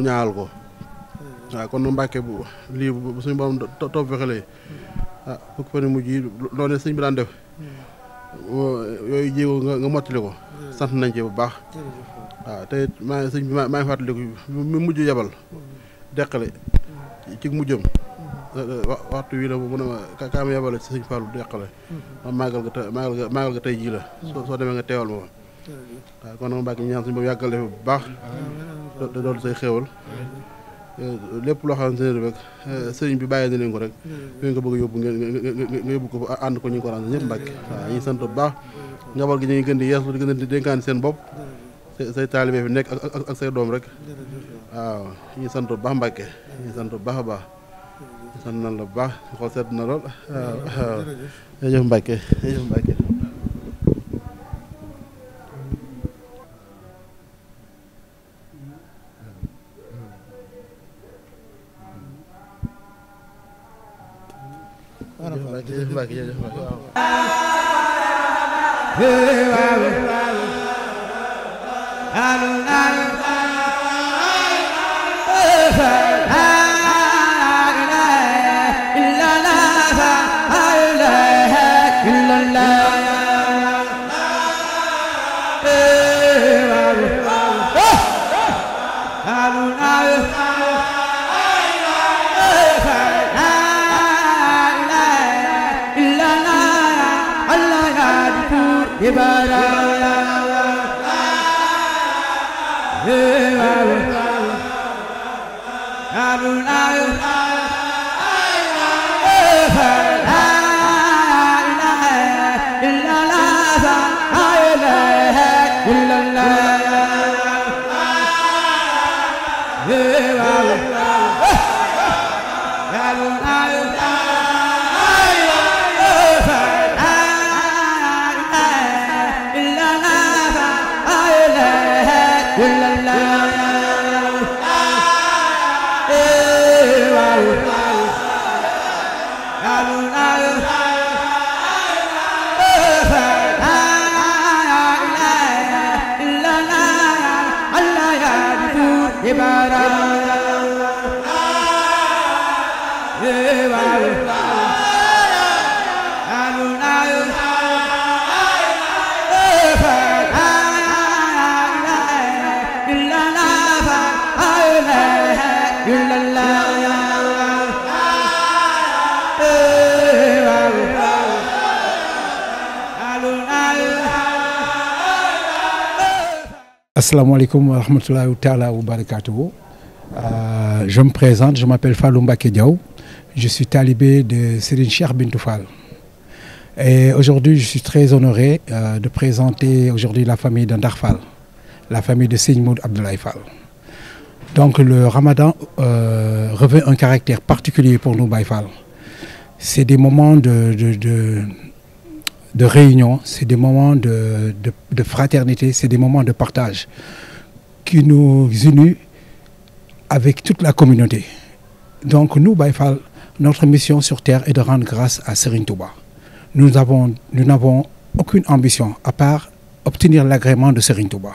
mu ñaawal ko waaw kon nu Mbàkke bu lii bu suñu borom topp fexelee ah fukki fan yu mujj yi loolu sëñ bi daan def yooyu jéego nga nga mottali ko sant nañ ci bu baax waaw te maa sëñ bi maa ngi fàttaliku mu mujj yebal deqale ci mujjam waxtu wii la mu ne ma kaa ma yebale ci sëñ deqale ma màggal ga te jii la soo demee nga teewal ma waaw kon nag Mbàkke ñaan suñu bopp yàggal def bu baax da doon say xéewal lépp loo xamante ne rek sëriñ bi bàyyi na leen ko rek yooyu nga bëgg a yóbbu nga yóbbu ko ànd ko ñu ko rànd ñu sant bu baax njaboot gi ñu ngi gën di yeeslu di gën di dénkaan seen bopp say taalibe fi nekk ak say doom rek waaw ñu sant bu baax mbàkke ñu sant bu baax a baax sant nan la bu baax xool seet na lool waaw jërëjëf mbàkke jërëjëf mbàkke Mbacke jërëjëf Mbacke waaw asalaamaaleykum wa rahmatulahi taala wa barakatuhu euh, je me présente je m'appelle Fallou Mbacké Diaw je suis talibé de Serigne Cheikh Bintou Fall et aujourd'hui je suis très honoré euh, de présenter aujourd'hui la famille de Ndar Fall la famille de Serigne Modou Abdoulaye Fall donc le ramadan euh, revêt un caractère particulier pour nous Baye Fall c'est des moments de de de de réunion, c'est des moments de, de, de fraternité, c'est des moments de partage qui nous unit avec toute la communauté. Donc nous, Baïfal, notre mission sur Terre est de rendre grâce à Serigne Touba. Nous n'avons nous n'avons aucune ambition à part obtenir l'agrément de Serigne Touba.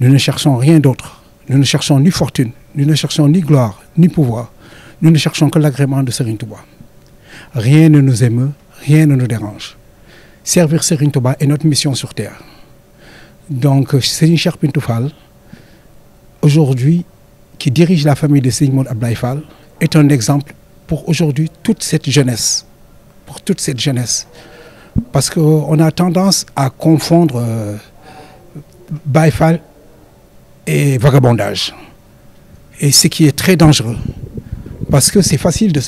Nous ne cherchons rien d'autre. Nous ne cherchons ni fortune, nous ne cherchons ni gloire, ni pouvoir. Nous ne cherchons que l'agrément de Serigne Rien ne nous émeut, rien ne nous dérange. Servir Serigne Touba est notre mission sur terre. Donc euh, Serigne Cheikh Bintou Fall, aujourd'hui, qui dirige la famille de Serigne Modou Abdoulaye Fall, est un exemple pour aujourd'hui toute cette jeunesse, pour toute cette jeunesse. Parce qu'on euh, a tendance à confondre euh, Baye Fall et vagabondage. Et ce qui est très dangereux. Parce que c'est facile de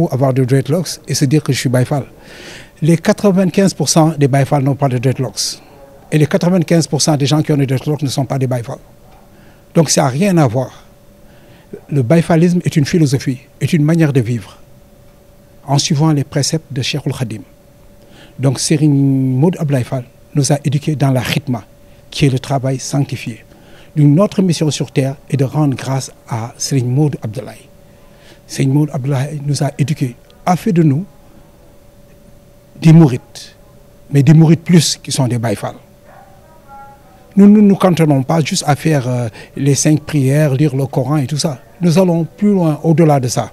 Ou avoir des dreadlocks et se dire que je de dreadlocks. Et les 95% des gens qui ont des dreadlocks ne sont pas des Baïfal. Donc ça n'a rien à voir. Le baïfalisme est une philosophie, est de vivre, en suivant les préceptes de Cheikhul Khadim. Donc Serigne Maud Ablaye dans la khidma, qui est le travail sanctifié. Donc notre mission sur terre est de rendre grâce à Serigne Seigneur Maud Abdoulaye nous a éduqués, a fait de nous des mourites, mais des mourites plus qui sont des baïfals. Nous ne nous, nous, cantonnons pas juste à faire euh, les cinq prières, lire le Coran et tout ça. Nous allons plus loin, au-delà de ça.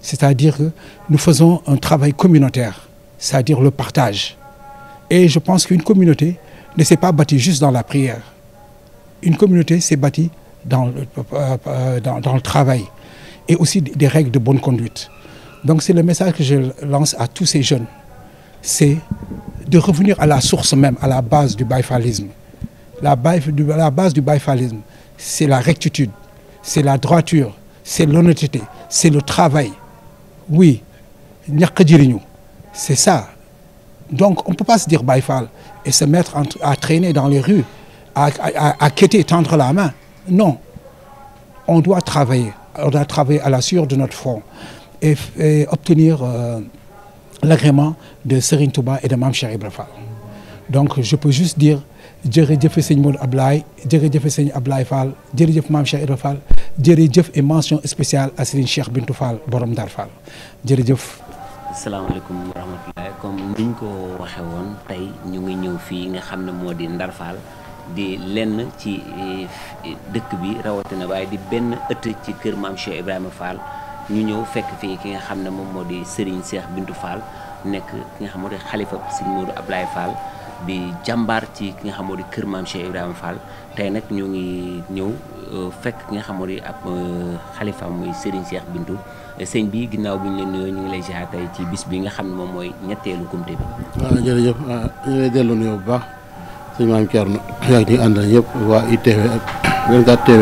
C'est-à-dire que nous faisons un travail communautaire, c'est-à-dire le partage. Et je pense qu'une communauté ne s'est pas bâtie juste dans la prière. Une communauté s'est bâtie dans euh, euh, dans, dans le travail. et aussi des règles de bonne conduite. Donc c'est le message que je lance à tous ces jeunes, c'est de revenir à la source même, à la base du baïfalisme. La, la base du baïfalisme, c'est la rectitude, c'est la droiture, c'est l'honnêteté, c'est le travail. Oui, ñàkk jëriñu, c'est ça. Donc on ne peut pas se dire baïfal et se mettre à traîner dans les rues, à, à, à quêter, tendre la main. Non, on doit travailler. on a travaillé à la sueur de notre front et, obtenir euh, de Serigne Touba et de Mame Cheikh Ibra Fall donc je peux juste dire jërëjëf sëñ Modou Ablaye jërëjëf sëñ Ablaye Fall jërëjëf Mame Cheikh Ibra Fall jërëjëf et mention spéciale à Serigne Cheikh Bintou Fall borom Ndar Fall jërëjëf. asalaamaaleykum wa rahmatulah comme niñ ko waxee woon tey ñu ngi ñëw fii nga xam ne moo di Ndar Fall. di lenn ci eh, dëkk bi rawatina waaye di benn ëtt ci kër maam Cheikh Ibrahima Fall ñu ñëw fekk fii ki nga xam ne moom moo di Serigne Cheikh bintu Fall nekk ki xam moo di xalifa Serigne Modou Ablaye jàmbaar ci ki nga xam moo kër maam Cheikh tey nag ñu ngi ñëw euh, fekk ki nga xam di ab euh, xalifa muy Serigne Cheikh Bintou sëñ bi ginnaaw bi ñu leen nuyoo ñu ngi lay ziar tey ci bis bi nga xam ne moom mooy ñetteelu kumte bi. waaw jërëjëf ñu ngi baax. sëñ maam Thierno yaag ñi àndal ñëpp waa ITV ak 24 TV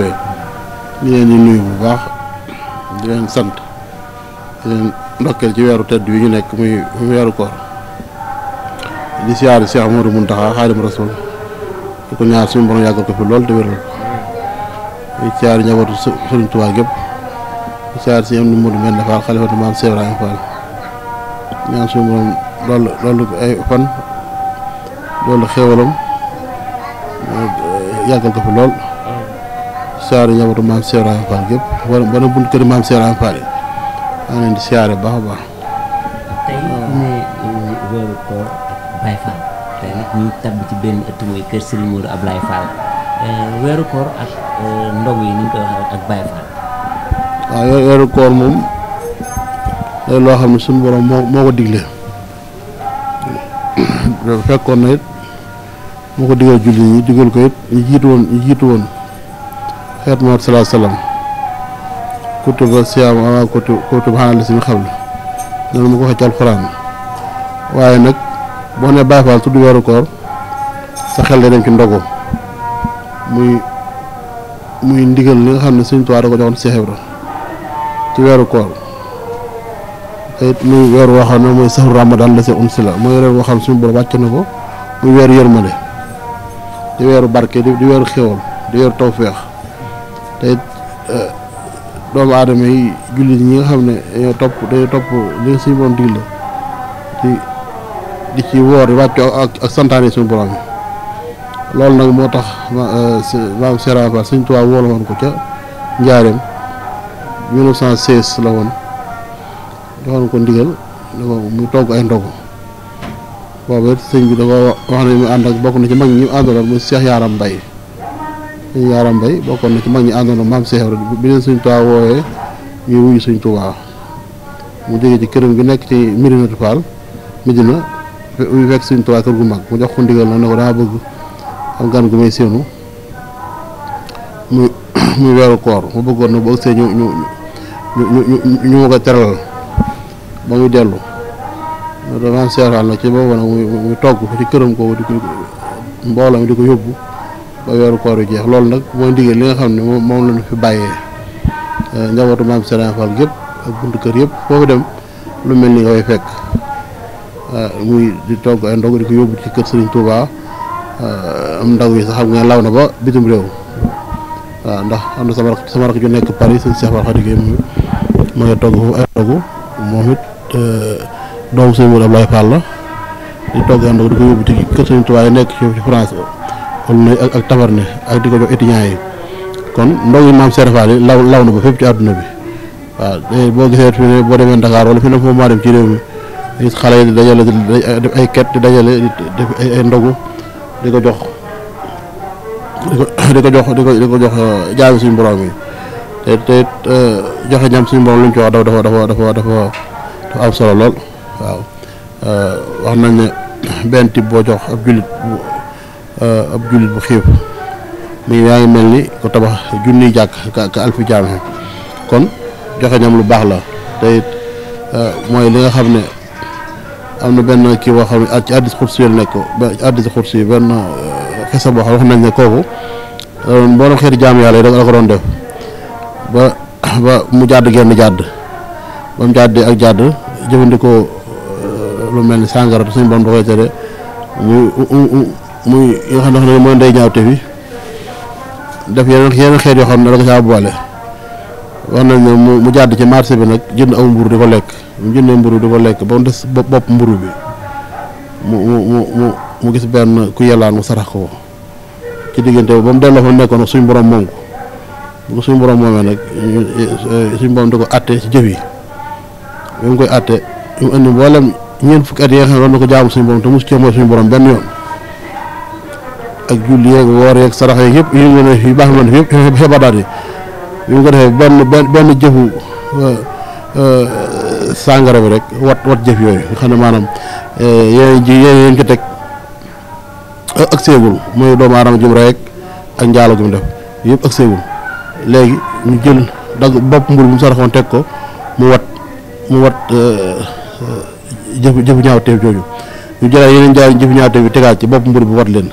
leen di nuyu bu baax sant di ci weeru tedd bi ñu nekk muy weeru koor di siyaari Cheikh Amadou Mountakha Xaadim Rasul di ko ñaar suñu borom yàggal ko fi lool te wéral di siyaari njabootu Sëriñ Tuubaa gépp di siyaari si am nu Modou loolu loolu ay fan loolu xéewalam Eh, yàggal ko fi lool. siyaare njabootu maam Seydou Rahane Fall gépp wala wala bunt maam Seydou Rahane Fall a baax. tey ah. ne weeru koor eh, ak eh, yi waaw ah, weeru koor moom loo xam ne suñu borom moo moo ko digle fekkoon na it moo ko digal julli ñi digal ko it ñi woon ñi jiitu woon xeet Muhammad salaa salaam kutuba siyaam amaa kutub xanaa la suñu xabla noonu ma ko waxee ci alxuraan waaye nag boo ne Baay Faal tudd weeru koor sa xel day dem ci ndogu muy muy ndigal li nga xam ne Sëñ Tuubaa da ko joxoon Seex Ibra ci weeru koor te it muy weer woo ne mooy saxru Ramadan la see um si la mooy weer woo xam suñu borom wàcc na ko muy weer yërmande di weeru barke di di weeru xéwal di weeru tawféex te it eh, doomu aadama yi jullit ñi nga xam ne dañoo topp dañoo topp li nga suñu digle di ci woor di wàccu ak ak santaane suñu borom yi loolu nag moo tax eh, maam Serigne Fall Sëñ Tuubaa woolu woon ko ca Njaareem 1916 la woon joxoon ko ndigal mu togg ay ndogu boobu it sëñ bi da ko wax ne mu ànd ak bokk na ci mag ñi àndaloon mu Cheikh Yaaram Mbay sëñ Yaaram Mbay bokkoon na ci mag ñi àndaloon maam Cheikh bi leen sëñ Tuubaa woowee ñu wuyu sëñ Tuubaa mu jógee ci këram gi nekk ci Médinatu Fall Médina mu fekk sëñ Tuubaa kër gu mag mu jox ko ndigal na ne ko daa bëgg am gan gu may séenu mu muy weeru koor mu bëggoon na boo see ñu ñu ñu ñu ñu ma ko teral ba muy dellu damaa seetaan na ci boobu nag muy togg ci këram kooku mi di ko yóbbu yu jeex loolu nag mooy ndigal li nga xam ne moom lañu fi bàyyee eh, njabootu maam Serigne Fall ak buntu yëpp foofu dem lu mel ni nga fekk eh, muy di togg ay ndog di ko yóbbu ci kër Serigne Touba eh, yi sax xam nga law na ba bitim ndax am na sama rakk ju nekk Paris sëñ Cheikh Fall Khady Gueye moom togg ay ndogu moom it doomu sëñ Modou Abdoulaye Fall la di togg ànd di ko yóbbu ci kër sëñ Tuubaa yi nekk ci France kon nuyu ak ak tabarne ak di ko jox étudiants yi kon ndog yi maam Serigne Fall yi law law na ba fépp ci àdduna bi waaw boo gisee fi ne boo demee Dakar wala fi ne foofu maa dem ci réew mi gis xale yi di dajale def ay ket di dajale ay ndogu di ko jox di ko jox di ko di ko jox euh, jaami suñu borom yi te te euh, joxe ñam suñu borom lu ñu ci wax dafa dafa dafa dafa dafa waaw euh, wax nañ ne benn tibb boo jox ab jullit bu euh, ab jullit bu xiif mi yaa ngi mel ni ko tabax junniy jàkk ka ka alfi jaame kon joxe lu baax la te euh, mooy li nga xam ne am na benn kii boo xam ne ci àddis xursi yi nekk ko ba àddis xursi yi benn xesa boo xam wax nañ ne kooku mboolem xeeti jaam yàlla yi da la ko doon def ba ba mu jàdd genn jàdd ba jàddee ak jàdd jëfandikoo lu mel ni sàngara suñu borom da koy tere muy muy yoo xam ne mooy ndey def yeneen yeneen xeet yoo xam ne da ko saa boole wax nañ ne mu jàdd ci marché bi nag jënd aw lekk mu jëndee mburu di lekk ba mu des bopp mburu bi mu mu mu mu gis benn ku yellaan mu sarax ko ci diggante ba mu delloo fa nekkoon suñ borom moom ko bu ko suñ borom moomee nag suñ borom di ko àtte ci jëf yi bi mu koy àtte mu indi mboolem ñeent fukki at yi nga xam ne doon na ko jaamu suñu borom te mos cee mooy yëpp yu ne yu baax na yëpp xebadaat yi benn benn benn jëfu euh, euh, bi rek wat wat jëf yooyu nga xam ne maanaam euh, ko teg ak mooy doomu aadama jëm rek ak njaalo gi mu def yëpp ak seegul léegi ñu jël dagg bopp mburu bu mu saraxoon teg ko mu wat mu wat. jëf jëfu ñaaw teew jooju ñu jëlaat yeneen jaay jëfu ñaaw teew bi tegaat ci bopp mbur bi wat leen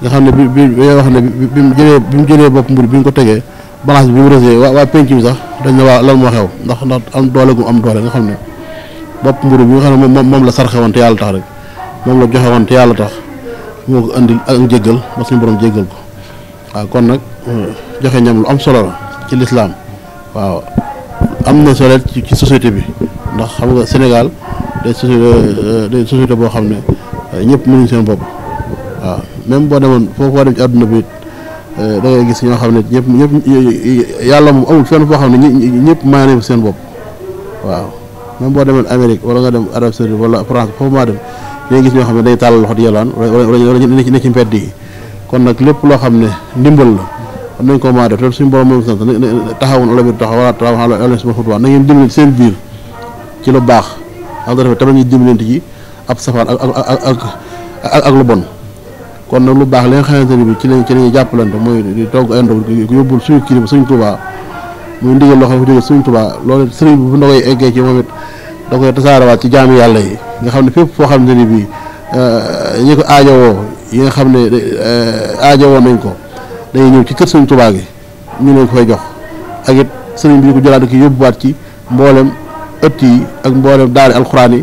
nga xam ne bi bi bi wax ne bi mu jëlee bi mu jëlee bopp mbur bi ñu ko tegee balance bi mu rësee waa waa penc bi sax dañ ndax ndax am doole gu am doole nga xam ne bopp mburu bi xam ne moom moom la sarxe woon te yàlla tax rek la joxe woon te yàlla ko indi ak jéggal ba suñu borom jéggal ko waaw kon nag euh, joxe ñam lu am solo la ci lislaam waaw am na solo ci société bi ndax xam nga Sénégal day société day société boo xam ne ñëpp mënuñ seen bopp waaw même boo demoon foo ko ci àdduna bi it da ngay gis ñoo xam ne ñëpp ñëpp yàlla moom amul fenn foo xam ne ñëpp maa seen bopp waaw même boo demoon Amérique wala nga dem Arabie Saoudite wala France foofu maa dem da ngay gis ñoo xam ne day tàllal loxo di yalwaan wala ne ci mbedd yi kon nag lépp loo xam ne ndimbal la am nañ ko maa def loolu suñu borom moom sant taxawoon ala bir taxaw wala taxaw ala suma futbaa na ngeen dimbali seen biir ci lu baax am na defee tamit ñu dimbalante ci ab safaan ak ak ak ak lu bon kon nag lu baax li nga xamante ne ci lañ ci lañuy jàppalante mooy di togg ay ndox suñu kilifa suñu tubaa muy ndigal loo xam ne jóge tubaa loolu sëriñ bu ndox yi eggee ci moom it da koy tasaarawaat ci nga xam ne fépp foo euh, xam ne bii ñi ko yi xam ne aajowoo nañ ko dañuy ñëw ci kër suñu tubaa gi ñu leen ko fay jox ak sëriñ bi ñu ko jëlaat ko yóbbuwaat ci mboolem ëtt yi ak mboolem daari alxuraan yi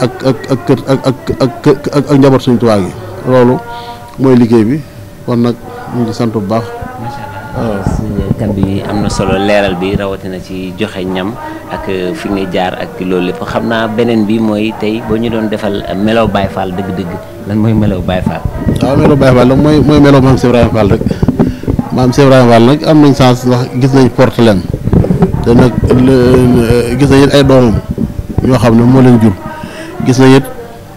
ak ak ak ak ak ak ak njaboot suñu tubaab yi loolu mooy liggéey bi kon nag ñu ngi sant bu baax. suñu thème bi am na solo leeral bi rawatina ci joxe ñam ak uh, fi ngay jaar ak loolu lépp xam naa beneen bi mooy tey boo ñu doon defal melaw Baye Fall dëgg-dëgg lan mooy melaw Baye Fall. waaw melaw Baye Fall mooy mooy melaw maam Cheikh Ibrahima Fall rek maam Cheikh Ibrahima Fall nag am nañ chance ndax gis nañ porte leen te eh, nag gis nañ it ay doomam ñoo xam ne moo leen jur gis na it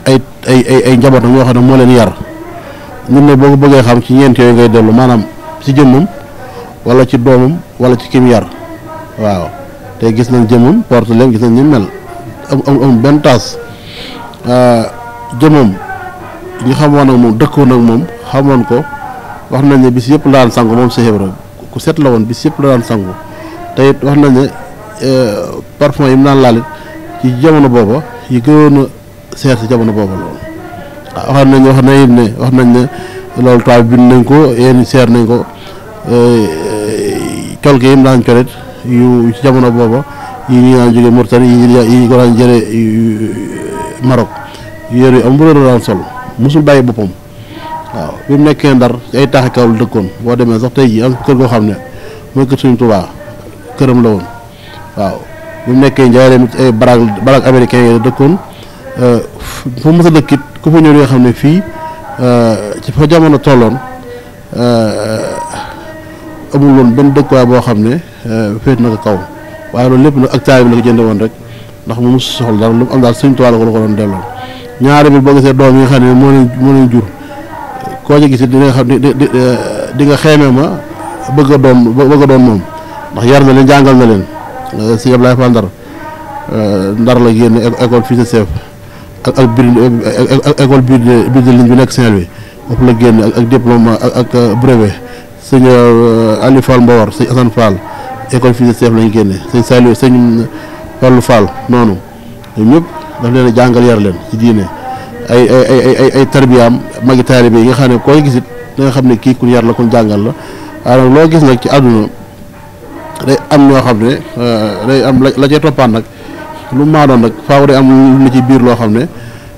ay ay ay ay xam ne moo leen yar ñun ne boo ko bëggee xam ci ñeent yooyu ngay dellu maanaam ci jëmmam wala ci doomam wala ci kim yar waaw te gis nañ jëmmam porte leen gis nañ ni mel am am benn taas ah, jëmmam ñu xamoon ak moom dëkkoon ak moom xamoon ko wax na ne bis yëpp la daan sangu moom Cheikh Ibra ku set la woon bis yëpp la daan sangu. te wax nañ ne euh, parfum yi mu naan laal ci jamono booba yi gënoon seer si jamono booba loolu ah, wax nañ wax nañ ne wax nañ ne loolu bind nañ ko yéen seer nañ ko col euh, euh, gi yi mu daan colit yu ci jamono booba yi ñu daan jóge Mauritanie yi yu am bu daan sol mosul bàyyi boppam waaw bi mu nekkee ndar ay taaxi kaw la dëkkoon boo demee sax tey ji am kër goo xam ne mooy kër suñu Tuubaa këram la woon waaw bu mu nekkee njaareem ay baraag baraag américain yi la dëkkoon euh, fu mu mës a dëkkit ku fa ñëw li nga xam ne fii euh, ci fa jamono tolloon euh, amul woon benn dëkkuwaay boo xam ne féet na ko kaw waaye loolu lépp nag ak bi la ko woon rek ndax mu mos soxla dara lu am daal suñ toile ko la ko doon delloo ñaari bi boo gisee doom yi nga xam ne moo leen moo leen jur koo ci gis di nga xam di di nga xeeme ma bëgg a doon bëgg a doon moom. ndax yar na leen jàngal na leen eh, sëñ Ablaye Fall Ndar eh, Ndar la génn e-, école fils de chef ak ak biir e-, e-, école nekk Saint-Louis foofu génn ak diplôme ak eh, brevet sëñ Ali Fall Mbawar sëñ Assane Fall lañ génne sëñ Saliou sëñ Fallou Fall noonu ñoom ñëpp daf jàngal yar leen ci diine ay ay ay ay tarbiyaam magi taalibe yi nga xam ne koo gisit da xam ne kii kun yar la kun jàngal la waaye loo gis nag ci àdduna day am ñoo xam ne euh, day am la la toppaan nag lu maanoon nag faaw day am lu ne ci biir loo xam ne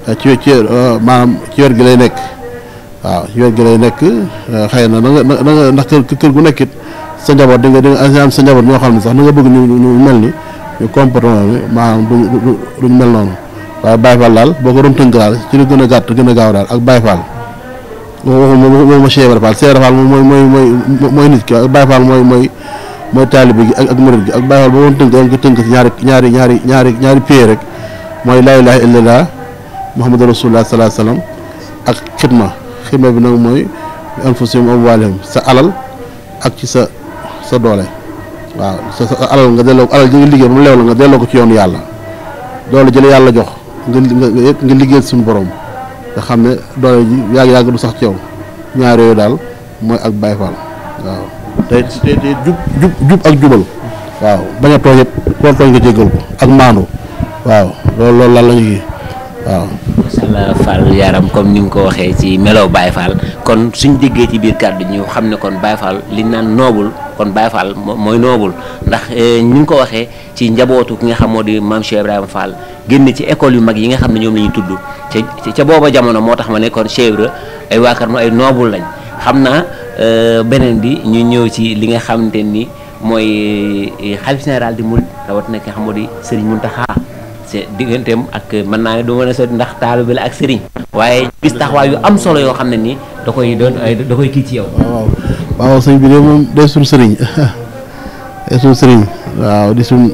euh, ci ci euh, maanaam ci wet gi lay nekk waaw ci wet gi lay nekk xëy na na nga na nga ndax kër kër gu nekkit sa njaboot di nga di nga am sa njaboot ñoo xam ne sax na nga bëgg ñu mel ni ñu comportement bi maanaam du duñ mel noonu waaye Baye Fall daal boo ko doon tënk daal ci lu gën a gàtt gën a gaaw daal ak Baye Fall waxuma waxuma Cheikh Ibra Fall mooy mooy mooy mooy nit mooy mooy taalibe gi ak ak murid gi ak bàyyi ba woon tënk dañ tënk ñaari ñaari ñaari ñaari ñaari pied rek mooy laa ilaaha illallah muhammadu rasulullah salaa salaam ak xidma xidma bi nag mooy anfusihim amwaalihim sa alal ak ci sa sa doole waaw sa sa alal nga delloo alal ji nga liggéey moom leew la nga delloo ko ci yoonu yàlla doole jële yàlla jox nga nga liggéey suñu borom nga xam ne doole ji yàgg yàgg du sax ci yow ñaar yooyu daal mooy ak Baay Faal waaw te te jub jub jub ak jubal waaw bañ a tooñ koo tooñ nga jéggal ko ak maandu waaw loolu loolu lan la waaw. macha allah yaram comme ni nga ko waxee ci melo Baye Fall kon suñ diggee ci biir kàddu ñu xam ne kon Baye Fall li naan noobul kon Baye Fall mooy noobul ndax eh, ni nga ko waxee ci njabootu ki nga xam moo di maam Cheikh Ibrahima Fall génn ci école yu mag yi nga xam ne ñoom la ñuy tudd ca ca booba jamono moo tax ma ne kon Cheikh ay waa kër ay noobul lañ xam Euh, beneen bi ñu ñëw ci li nga xamante ni mooy euh, xalif général di mu rawat na ki xam di Serigne Mountakha c'est digganteem ak mën naa ne du mën a sori ndax bi la ak Serigne. waaye bis taxawaay yu am solo yoo xam ne nii doo koy doon da koy kii ci yow. waaw waaw sëñ bi de moom de suñu sëriñ de suñu sëriñ waaw di suñ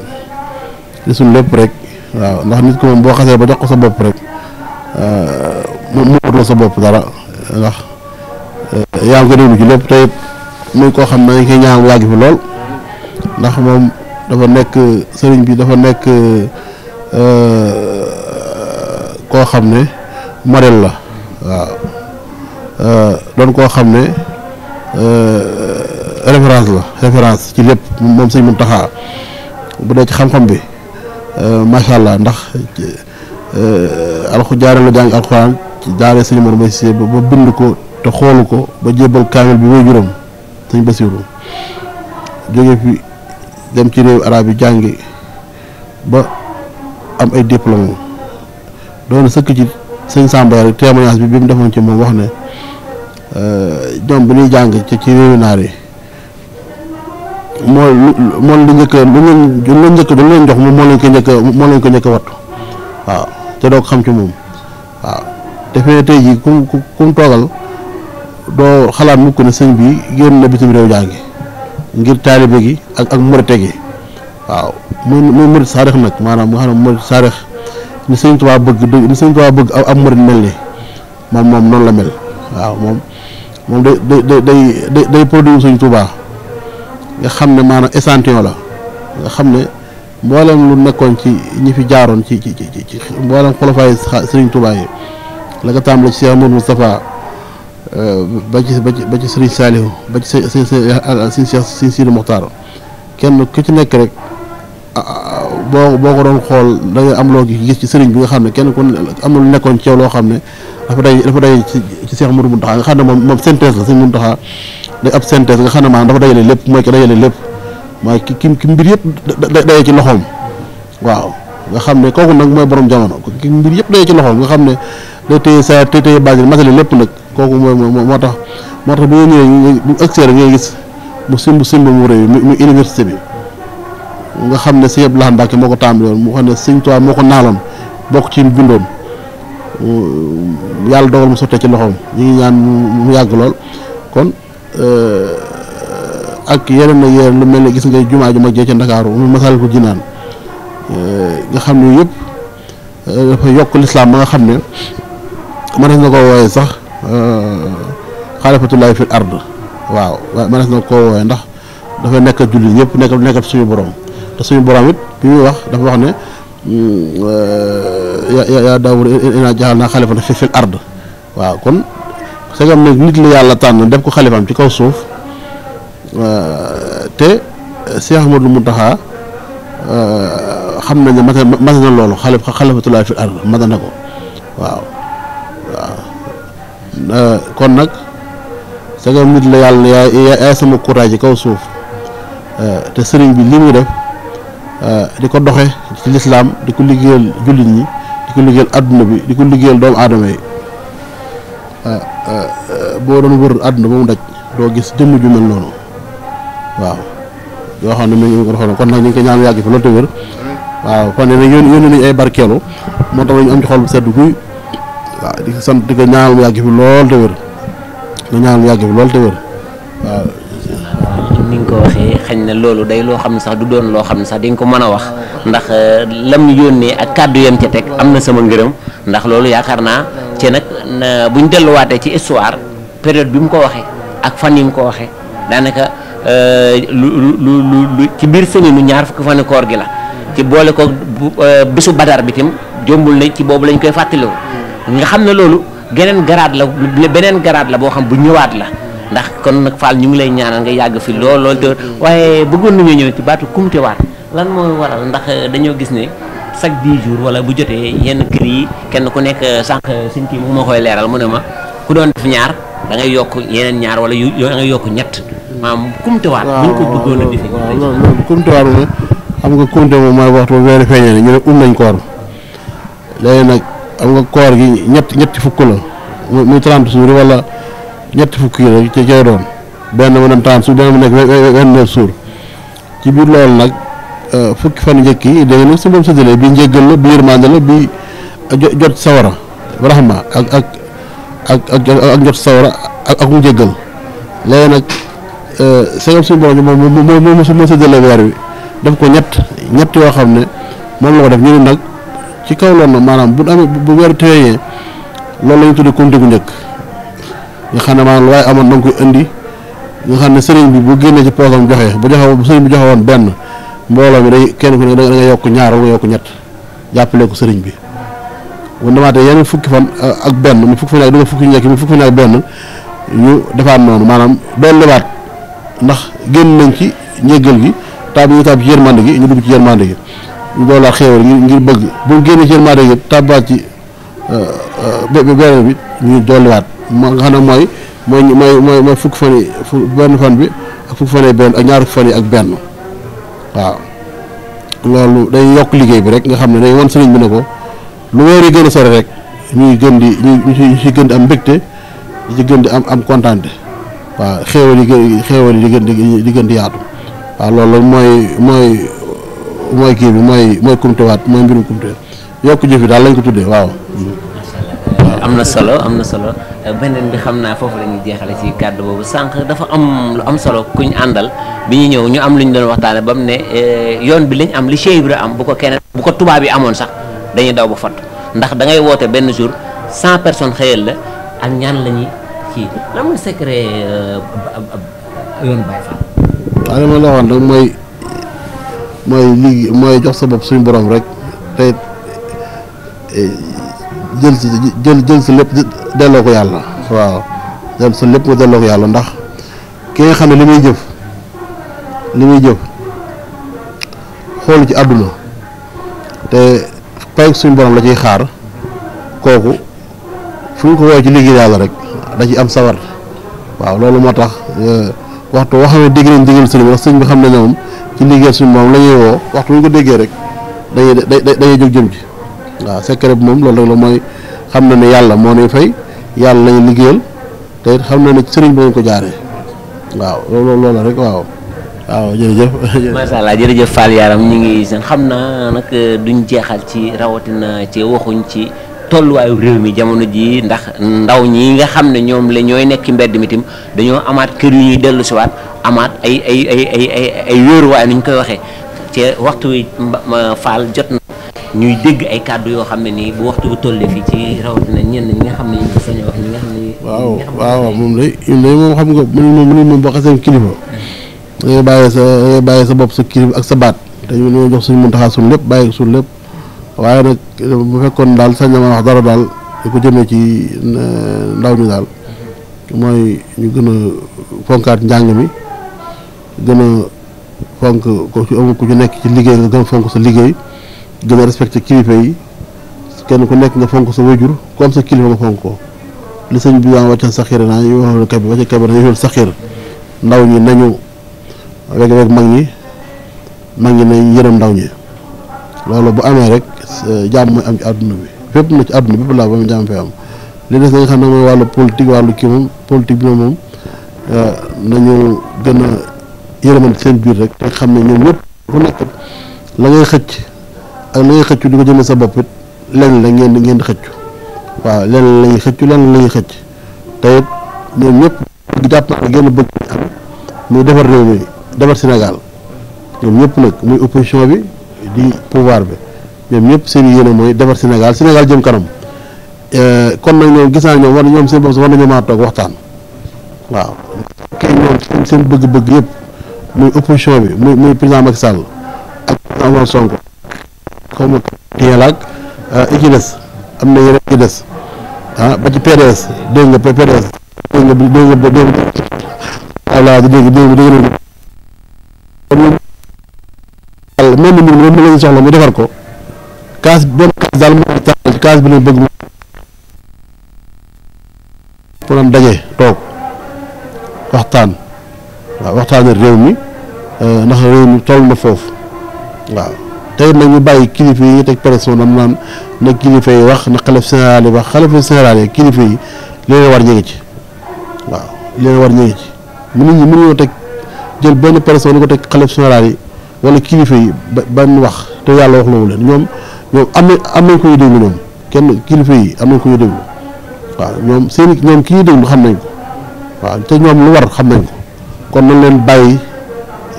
di suñ lépp rek waaw ndax nit ko moom boo xasee ba jox ko sa bopp rek euh, mu mënatoo sa bopp dara ndax. yaa ngi ko déglu ci lépp tey muy koo xam ne dañ koy ñaan yàgg fi moom dafa nekk sëriñ bi dafa nekk euh, koo xam ne modèle la waaw euh, doon koo xam ne euh, référence la référence ci lépp moom sëñ Muntaxa bu dee ci xam-xam bi macha allah ndax alxu jaare la jàng alxuraan jaaree sëñ Mor Mbay si ba bind ko. te xoolu ko ba jébbal kaamil bi way juróom sëñ Basiiru jóge fi dem ci réew arab yi jàngi ba am ay diplôme doon sëkk ci sëñ Samba rek témoignage bi bi mu defoon ci moom wax ne euh, ñoom bu ñuy jàng ci ci réewi naar yi moo moo lu njëkk lu leen lu njëkk lu leen jox moom moo leen ko njëkk moo leen ko njëkk wattu waaw te doo ko xam ci moom waaw te fee tey jii ku ku toogal doo xalaat mukk ne sëñ bi génn na bitim réew jàngi ngir taalibe gi ak ak murite gi waaw muy muy saarix nag maanaam nga xam ne murit saarix ni sëñ Tuubaa bëgg moom noonu la mel waaw moom moom day day day day produit sëñ Tuubaa nga xam ne maanaam échantillon la nga xam ne mboolem lu nekkoon ci ñi fi jaaroon ci ci ci ci xolofaay sëriñ Tuubaa yi la ko tàmbale ci Cheikh Amadou Moustapha ba ci ba ba ci sëriñ Saalihu ba ci sëriñ sëriñ sëriñ Sidi kenn ku ci nekk rek boo boo ko doon xool da am loo gis ci sëriñ bi nga xam ne kenn ko am na lu nekkoon ci loo xam ne dafa day dafa day ci ci Seex Mudu Muntaxa nga xam ne moom moom synthèse la Sëriñ Muntaxa day xam ne dafa dajale lépp mooy que dajale lépp mooy ki ki mbir yëpp daje ci loxoom waaw nga xam ne kooku nag mooy borom jamono ki mbir yëpp daje ci loxoom nga xam ne day téye saa téye téye base bi matale lépp nag. kooku mooy moo tax moo tax bu ñu ñëwee ngay gis mu simb simb mu rëy mu université bi nga xam ne Sëñ Abdou Lahad Mbacke moo ko tàmbali woon mu ko naaloon bokk ci bindoom yàlla dogal mu sottee ci loxoom ñu ngi ñaan mu yàgg lool kon euh, ak yeneen na yeneen lu mel ne gis nga jumaa ju ma jee ca Ndakaaru mu masal ko jinaan euh, nga xam ne yëpp euh, dafa yokk lislaam ba nga xam ne mën na ko wooyee sax Euh, xalifatullahi fil ard waaw mënees na koo woowee ndax dafa nekk jullit ñëpp nekk nekk suñu borom te suñu borom it bi muy wax dafa wax ne mm, euh, yaa yaa Daawuda innaa ja'alnaaka xalifatan fil ard waaw kon segam nag nit la yàlla tànn def ko xalifaam ci kaw suuf euh, te Cheikh Ahmadou Mountakha xam nañ ne mate na loolu xalif xalifatullahi fil ard mate na ko waaw. Euh, kon nag sagam nit la yàlla yaay yaay sama courage yi kaw suuf euh, te sëriñ bi li muy def euh, di ko doxe ci lislaam di ko liggéeyal jullit ñi di ko liggéeyal adduna bi di ko liggéeyal doomu aadama yi boo doon wër adduna ba mu doo gis jëmm ju mel noonu waaw yoo xam ne mi ngi ko doxaloon kon nag ñu ngi ko ñaan yàgg fi loolu te wér waaw kon nag yónni yónni ay barkeelu moo tax ñu am ci bu sedd guy waaw di sant di ko ñaanal mu yàgg mu yàgg fi lool te wér waaw. ni nga ko waxee xañ na loolu day loo xam ne sax du doon loo xam ne sax di nga ko mën a wax ndax euh, lam yónnee ak kàddu yam ca teg am na sama ngërëm ndax loolu yaakaar naa ci nag buñ delluwaatee ci histoire période bi mu ko waxee ak fan yi mu ko waxee daanaka euh, lu lu lu ci biir semaine ñaar fukki fan koor gi la ci boole ko bu euh, bésu badar bi tam jombul ne ci boobu lañ koy fàttaliku. nga xam ne loolu geneen garaat la beneen garaat la boo xam bu ñëwaat la ndax kon nag faal ñu ngi lay ñaanal nga yàgg fi lool lool te waaye bëggoon nañoo ñëw ci baatu kumte waat lan mooy waral ndax dañoo gis ne chaque dix jours wala bu jotee yenn kër yi kenn ku nekk euh, sànq suñ kii moom moo koy leeral mu ne ma ku doon def ñaar da yokk yeneen ñaar wala yu da ngay ñett maanaam kumtewaat. waaw waaw ko bëggoon a defi. waaw loolu loolu xam nga kumte moom mooy waxtu bu ñu ne um nañ koor léegi nag. am nga koor gi ñett ñetti fukk la muy trente suur wala ñetti fukk yi rek ci cay doon benn mu dem trente suur benn mu nekk vingt-neuf suur ci biir loolu nag fukki fan njëkk yi dégg nga su moom séddalee bi njëggal la bi yërmande ak ak ak ak jot sawara ak nag sëñ suñu borom moom moom moom séddalee weer wi def ko ñett ñett yoo xam ne moom la ko def ñu ne nag ci kaw loolu nag maanaam bu amee bu weer teeyee loolu la ñu tuddee compte ku njëkk nga xam ne maanaam waaye amoon na koy indi nga xam ne sëriñ bi bu génnee ci poosam joxe bu joxe bu sëriñ bi joxe woon benn mbooloo mi day kenn ku ne da nga yokk ñaar wala nga yokk ñett jàppale ko sëriñ bi bu demaatee yeneen fukki fan ak benn mu fukki fan ak dugg fukki njëkk mu fukki fan ak benn ñu defaat noonu maanaam doon lebaat ndax génn nañ ci njëggal gi taab bi ñu taab ci yërmande gi ñu dugg ci yërmande gi mboolaa xéewal ngir bëgg bu ñu génnee ci yërmande yëpp tàbbaat ci euh, euh, beneen bi ñu dolliwaat ma nga xam ne mooy mooy mooy mooy fukk fan yi bi ak fukk fan yi benn ak ñaar fan yi ak benn waaw loolu day yokk liggéey bi rek nga xam ne day wan sëriñ bi ne ko lu weer yi gën a sore rek ñuy gën di ñu ci gën di am mbégte di ci gën di am am kontaante waaw xéewal yi gën xéewal yi di gën di yaatu waaw loolu mooy mooy mooy kii bi mooy mooy kumtewaat mooy mbirum kumte yokku jëf yi daal lañ ko tuddee waaw. am na solo am na solo beneen bi xam naa foofu la ñuy jeexale ci kàddu boobu sànq dafa am lu am solo kuñ àndal bi ñu ñëw ñu am lu ñu doon waxtaane ba mu ne eh, yoon bi lañ am li Cheikh Ibra am bu ko keneen bu ko tubaab yi amoon sax dañuy daw ba fatt ndax da ngay woote benn jour cent personne xëyal la ak ñaan la ñuy kii lan mooy secret euh, yoon Baye Fall. waaw li mooy mooy lii mooy jox sa bopp suñu boroom rek te eh, jël si jël jël si lépp delloo ko yàlla waaw jël sa lépp nga delloo ko yàlla ndax ki nga xam ne li muy jëf li muy jëf xoolu ci àdduna te pay suñu borom la ciy xaar kooku fu ñu ko woo ci liggéey yàlla rek da ci am sawar waaw loolu moo tax eh, waxtu waxamee dégg nañ digal sëñ bi ndax xam ne ne ci liggéeyal si moom la ñuy woo waxtu bu ñu ko déggee rek dañuy dañuy jóg jëm ci waaw secret bi moom loolu rek la mooy xam na ne yàlla moo ñuy fay yàlla la ñuy liggéeyal te it xam na ne sëriñ bi lañ ko jaaree waaw loolu loolu rek waaw. waaw jërëjëf. macha allah jërëjëf Fall Yaram ñu ngi seen xam naa nag duñ jeexal ci rawatina ci waxuñ ci. tolluwaayu réew mi jamono ji ndax ndaw ñi nga xam ne ñoom la ñooy nekk mbedd mi tam dañoo amaat kër yu ñuy dellu siwaat amaat ay ay ay ay ay ay yóoruwaay ni ñu koy waxee ci waxtu wi faal jot na ñuy dégg ay kàddu yoo xam ne nii bu waxtu bu tollee fii ci rawatina ñenn ñi nga xam ne ñu ngi sañ wax ñi nga xam ne. waaw waaw moom lay moom xam nga mënuñ mënuñ moom ba xasee kilifa. Mm-hmm. da ngay bàyyi sa da ngay bàyyi sa bopp sa kilifa ak sa baat te ñu jox suñu muntaxaa suñu lépp bàyyi suñu lépp. waaye nag bu fekkoon daal sañ na ma wax dara daal di ko jëmee ci eh, ndaw ñi daal mooy ñu gën a fonkaat njàng mi gën a fonk ko ci amul ku ci nekk ci liggéey nga gën a fonk sa liggéey gën a respecté kilifa yi kenn ku nekk nga fonk sa wajur ku am sa kilifa nga fonk ko li sëñ bi daan wàccal saxiir naa ñu waxoon kab wàccal kab naa ñu saxiir ndaw ñi nañu weg weg mag ñi mag ñi nañ yërëm ndaw ñi loolu bu amee rek jàmm mooy am ci àdduna bi fépp na ci àdduna bépp laa ba mu jàmm fee am li des na nga xam ne mooy wàllu politique wàllu kii moom politique bi moom euh, nañu gën a yërëmante seen biir rek te xam ne ñoom ñëpp ku nekk la ngay xëcc ak la sa bopp it lenn la ngeen ngeen di xëccu waaw lenn la ñuy la ñuy xëcc te it ñoom ñëpp jàpp naa gën defar réew mi defar Sénégal ñoom ñëpp nag muy opposition bi di pouvoir bi ñoom ñëpp seen yéene mooy defar Sénégal Sénégal jëm kanam euh, kon nag ñoom gis naa ñoom war ñoom seen bopp war nañoo maa toog waxtaan waaw kay ñoom seen bëgg-bëgg yëpp muy opposition bi muy muy président Macky ak président Sonko euh, des am na yeneen ci des ah, ba ci PDS dégg nga PDS dégg nga dégg nga dégg nga dégg nga dégg nga moom lañ soxla mu defar ko kaas benn kaas daal bi lañ bëgg mu pour am daje toog waxtaan waaw waxtaan réew mi euh, ndax réew mi toll na foofu waaw tey nag ñu bàyyi kilifa yi teg pression nam naan na kilifa yi wax na xalif général yi yi kilifa yi leen war ñu ngi ci waaw leen war ñu ngi ci mënuñu mënuñoo teg jël benn personne ni ko teg xalif général yi wala kilifa yi ba ban wax te yàlla wax loolu leen ñoom ñoom am na am nañ koy déglu ñoom kenn kilifa yi am nañ koy déglu waaw ñoom seen ñoom ki ñuy déglu xam nañ ko waaw te ñoom lu war xam nañ kon nañ leen bàyyi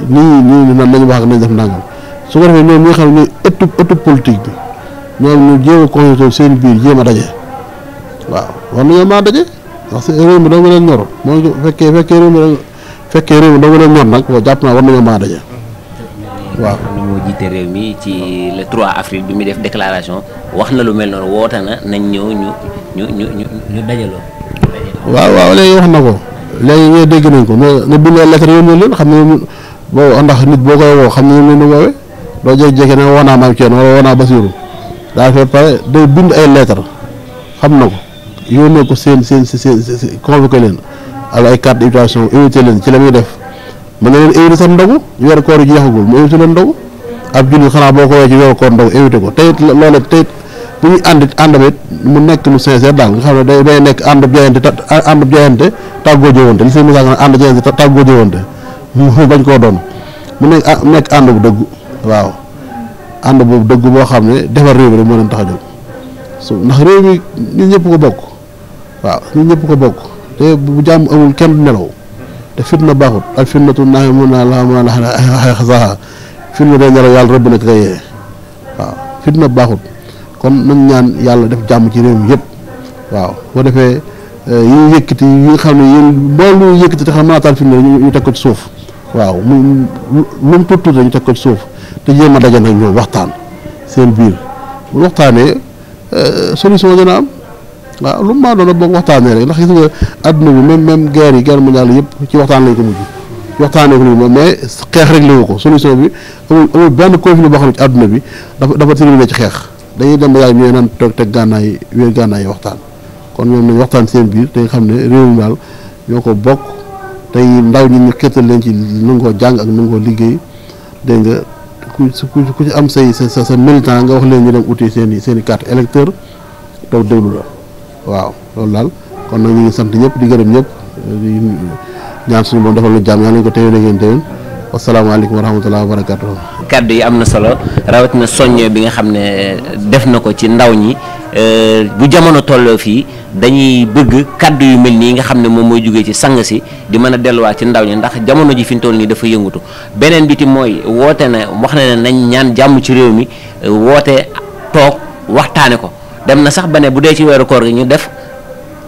nii nii nan nañ wax ak nañ def ndàngam su ko defee ne ñooy ëttu ëttu politique bi ñoom ñu jéem a seen biir jéem a daje waaw war nañoo maa daje ndax si réew mi doo nga leen ñor mooy fekkee fekkee réew fekkee réew mi doo nga leen ñor nag jàpp naa war nañoo maa daje waaw xam ne moo jiite réew mi ci le 3 avril bi muy def déclaration wax na lu mel noonu woote na nañ ñëw ñu ñu ñu ñu ñu dajaloo. waaw waaw léegi wax na ko léegi ñoo dégg nañ ko mais nga bindee lettre yoon na leen xam ne moom ndax nit boo koy xam ne moom la ñu woowee doo jékki-jékki nag woo naa maam Thierno wala woo naa ay lettre xam na ko yónnee ko seen seen seen convoqué leen ak ay carte d'invitation invité leen ci la muy def. mën na leen éviter ndogu weeru koor jeexagul mu su leen ndogu ab jullit xanaa boo ko weeru koor ndogu éviter ko teyit loolee teyit bu ñuy ànd ànd ba mu nekk lu sincère daal nga xam ne day day nekk ànd joyante ànd joyante tàggoo jëwante li si musaa nga ànd joyante tàggoo jëwante mu bañ koo doon mu nekk ah, nekk ànd bu dëgg waaw ànd bu dëgg boo xam ne defar réew mi rek moo tax a jóg su ndax réew mi ñun ñëpp ko bokk waaw ñun ñëpp ko bokk te bu jàmm amul kenn du nelaw te fitna baaxut ak fitnatu naax mun naa la ma la xasaxa fitna day nelaw yàlla rëbb na ko yee waaw fitna baaxut kon nañ ñaan yàlla def jàmm ci réew mi yëpp waaw boo defee eh, yi ñu yëkkati yi nga xam ne yéen mboolu ñu yëkkati te xam naa taal fitna ñu teg ko ci suuf waaw mu lu mu tuut tuut ñu teg ko suuf te jéem a daje nag ñoom waxtaan seen biir bu waxtaanee eh, solution dana am. waaw lu mu maa doon boog waxtaanee rek ndax gis nga adduna bi même même guerre yi guerre mondiale yëpp ci waxtaan lañ ko mujj waxtaanee ko ma mais xeex rek léwu ko solution bi amul amul benn conflit boo xam ne ci adduna bi dafa dafa terminé ci xeex dañuy dem ba yàgg ñooy naan toog teg gànnaay wéer gànnaay yi waxtaan kon ñoom nañ waxtaan seen biir te xam ne réew mi daal ñoo ko bokk tey ndaw ñi ñu xettal leen ci nangoo jàng ak nangoo liggéey dégg nga ku ku ci am say sa sa militant nga wax leen ñu dem uti seeni i seen i carte électeur toog déglu la waaw loolu daal kon nag ñu ngi sant ñëpp di gërëm ñëpp di ñaan suñu moom defal lu jàmm yàlla ñu ko te na ngeen téye asalaamaaleykum wa rahmatulah wa barakaatu. kaddu yi am na solo rawatina soññee bi nga xam ne def na ko ci ndaw ñi euh, bu jamono tolloo fii dañuy bëgg kaddu yu mel nii nga xam ne moom mooy jógee ci sang si di mën a delluwaat ci ndaw ñi ndax jamono ji fi mu toll nii dafa yëngutu beneen bi ti mooy woote na wax na ne nañ ñaan jàmm ci réew mi woote toog waxtaane ko. dem na sax ba ne bu dee ci weeru koor gi ñu def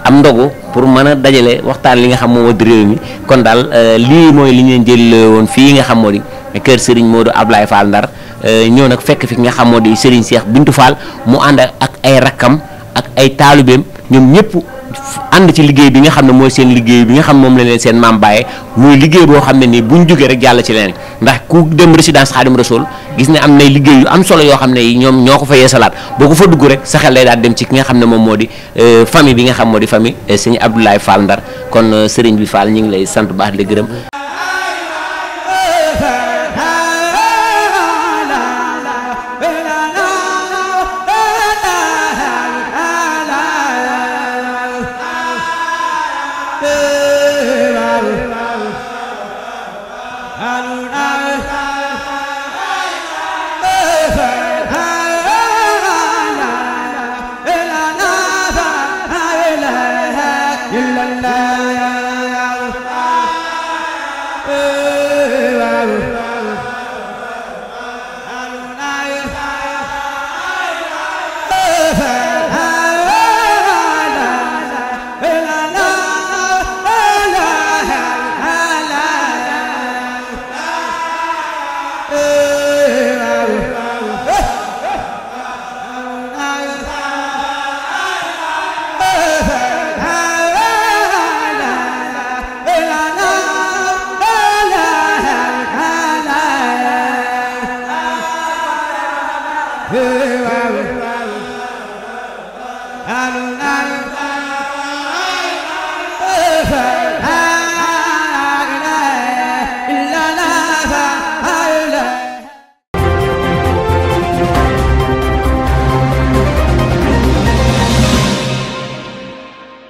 am ndogu pour mën a dajale waxtaan li nga xam moo wëdd réew mi kon daal euh, lii mooy li ñu leen jël woon fii nga xam moo di kër Serigne Modou Ablaye Fall Ndar euh, ñëw nag fekk fi nga xam moo di Serigne seex Bintou Fall mu ànd ak ay rakkam ak ay taalubeem ñoom ñëpp. ànd ci liggéey bi nga xam ne mooy seen liggéey bi nga xam moom la leen seen maam bàyyee muy liggéey boo xam ne nii buñ jógee rek jàll ci leneen ndax ku dem résidence Xaadim Rasul gis ne am na liggéey am solo yoo xam ne ñoom ñoo ko fa salaat boo ko fa dugg rek sa xel lay daal dem ci ki nga xam ne moom moo di euh, famille bi nga xam moo di famille euh, sëñ Abdoulaye Fall Ndar kon euh, sëriñ bi faal ñu ngi lay sant baax la gërëm